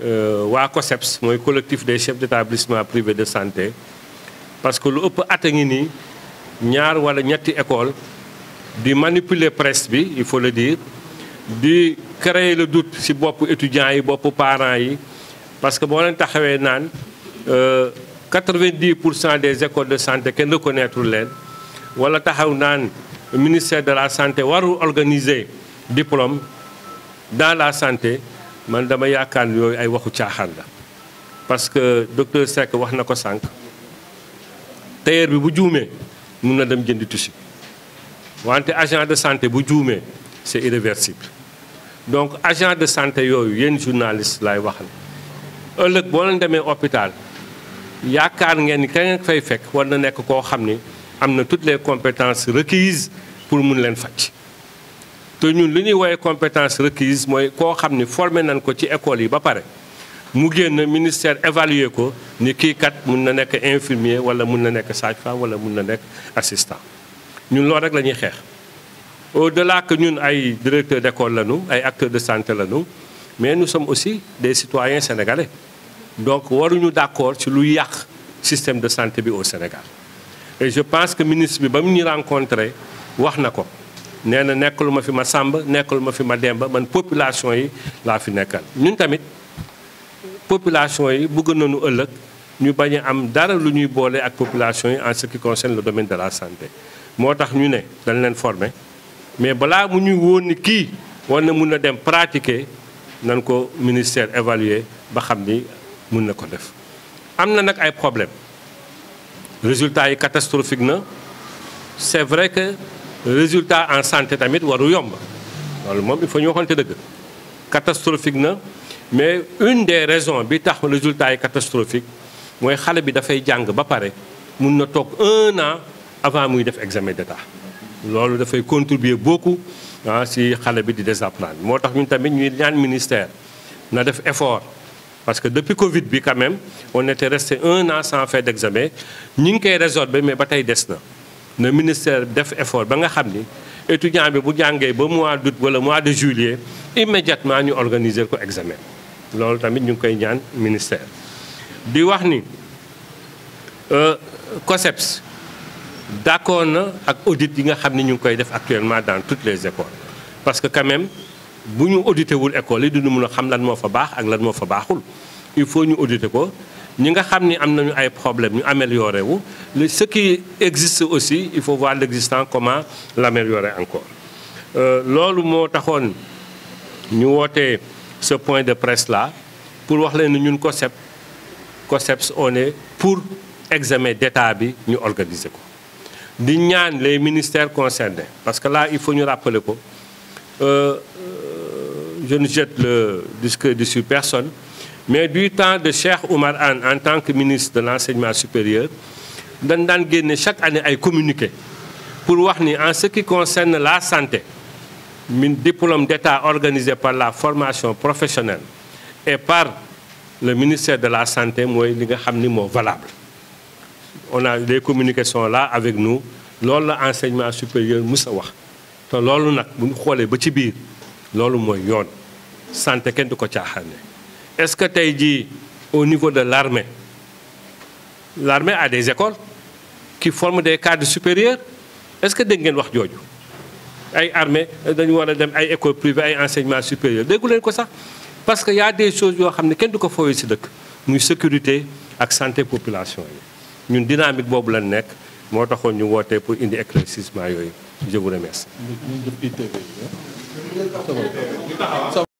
à euh, COSEPS le collectif des chefs d'établissement privé de santé parce que le ëpp atteint a ngi écoles ñaar wala école manipuler presse il faut le dire de créer le doute ci les étudiants les parents parce que boo leen 90 euh, des écoles de santé ne connaissent pas wala taxaw nan, ministère de la santé organisé des diplômes dans la santé man dama yaakaar yooyu ay waxu caaxaan la parce que docteur Seck wax na ko sànq tailleur bi bu juumee mun na dem jëndi tissu wante agent de santé bu juumee c'est irréversible donc agent de santé yooyu yéen journaliste lay waxal ëllëg boo leen demee hôpital yaakaar ngeen ni ka fay fekk war na nekk koo xam ni am na toutes les compétences requises pour mun leen faj te ñun li ñuy woowee compétence requise mooy koo xam ni formé nañ ko ci école yi ba pare mu génn ministère évaluer ko ni kii kat mun na nekk infirmier wala mun na nekk sage-femme wala mun na nekk assistant ñun loolu rek la ñuy xeex. au-delà que ñun ay directeur d'école lañu ay acteur de santé lañu mais nous sommes aussi des citoyens sénégalais donc waruñu d'accord ci lu yàq système de santé bi au Sénégal et je pense que ministre bi ba mu ñu rencontré wax na ko nee na nekkul fi ma sàmb fi ma demba population yi fi nekkal ñun tamit population yi bëgg nañu ëllëg ñu bañ am dara lu ñuy ak population yi en ce qui concerne le domaine de la santé moo tax ñu ne dañ leen mais balaa mu nous ni na dem pratiquer ministère évaluer ba xam ni ko def am problème résultats yi catastrophique c'est vrai que résultat en santé tamit waru yomb loolu mom il faut ñu te deug catastrophique na mais une des raisons bi tax résultat est catastrophique moy xalé bi fay jang ba paré mun na toog un an avant muy def examen d'état da fay contribuer beaucoup ah, si xalé bi di désapprendre motax ñun tamit ñuy ñaan ministère na def effort parce que depuis Covid bi quand même on était resté un an sans faire d'examen ñing kay koy résorber mais ba tey des na le ministère def effort ba nga xam ni étudiant bi bu jàngee ba mois d'août le mois de juillet immédiatement nous organiser l'examen. examen loolu tamit ñu ngi koy ñaan ministère. di wax ni euh, COSEPS d'accord na ak audit nous nga actuellement dans toutes les écoles parce que quand même bu ñu audité wul école ne duñu pas a xam lan moo fa baax ak lan moo fa il faut ñu auditer ko. Nous avons qu'il ni am nañu problèmes amélioré ce qui existe aussi il faut voir l'existant comment l'améliorer encore euh, Lorsque nous avons ñu ce point de presse là pour voir les ni ñun concepts pour examiner létat nous ñu organiser les ministères concernés parce que là il faut nous rappeler ko euh, euh, je ne jette le disque dessus personne mais du temps de Cheikh Oumar Anne en tant que ministre de l'enseignement supérieur chaque année ay communiqué pour voir en ce qui concerne la santé un diplôme d'état organisé par la formation professionnelle et par le ministère de la santé valable on a des communications là avec nous lors l'enseignement supérieur musa wax Donc nous avons ba est-ce que tu as dit au niveau de l'armée l'armée a des écoles qui forment des cadres supérieurs est-ce que tu as dit que ay armée dañu a des écoles privées, privées, ay enseignement supérieur parce qu'il y a des choses qui ne sont pas. ko fooyee ci sécurité muy sécurité ak santé population la ñun dynamique qui Nous nekk moo pour indi éclaircissement je vous remercie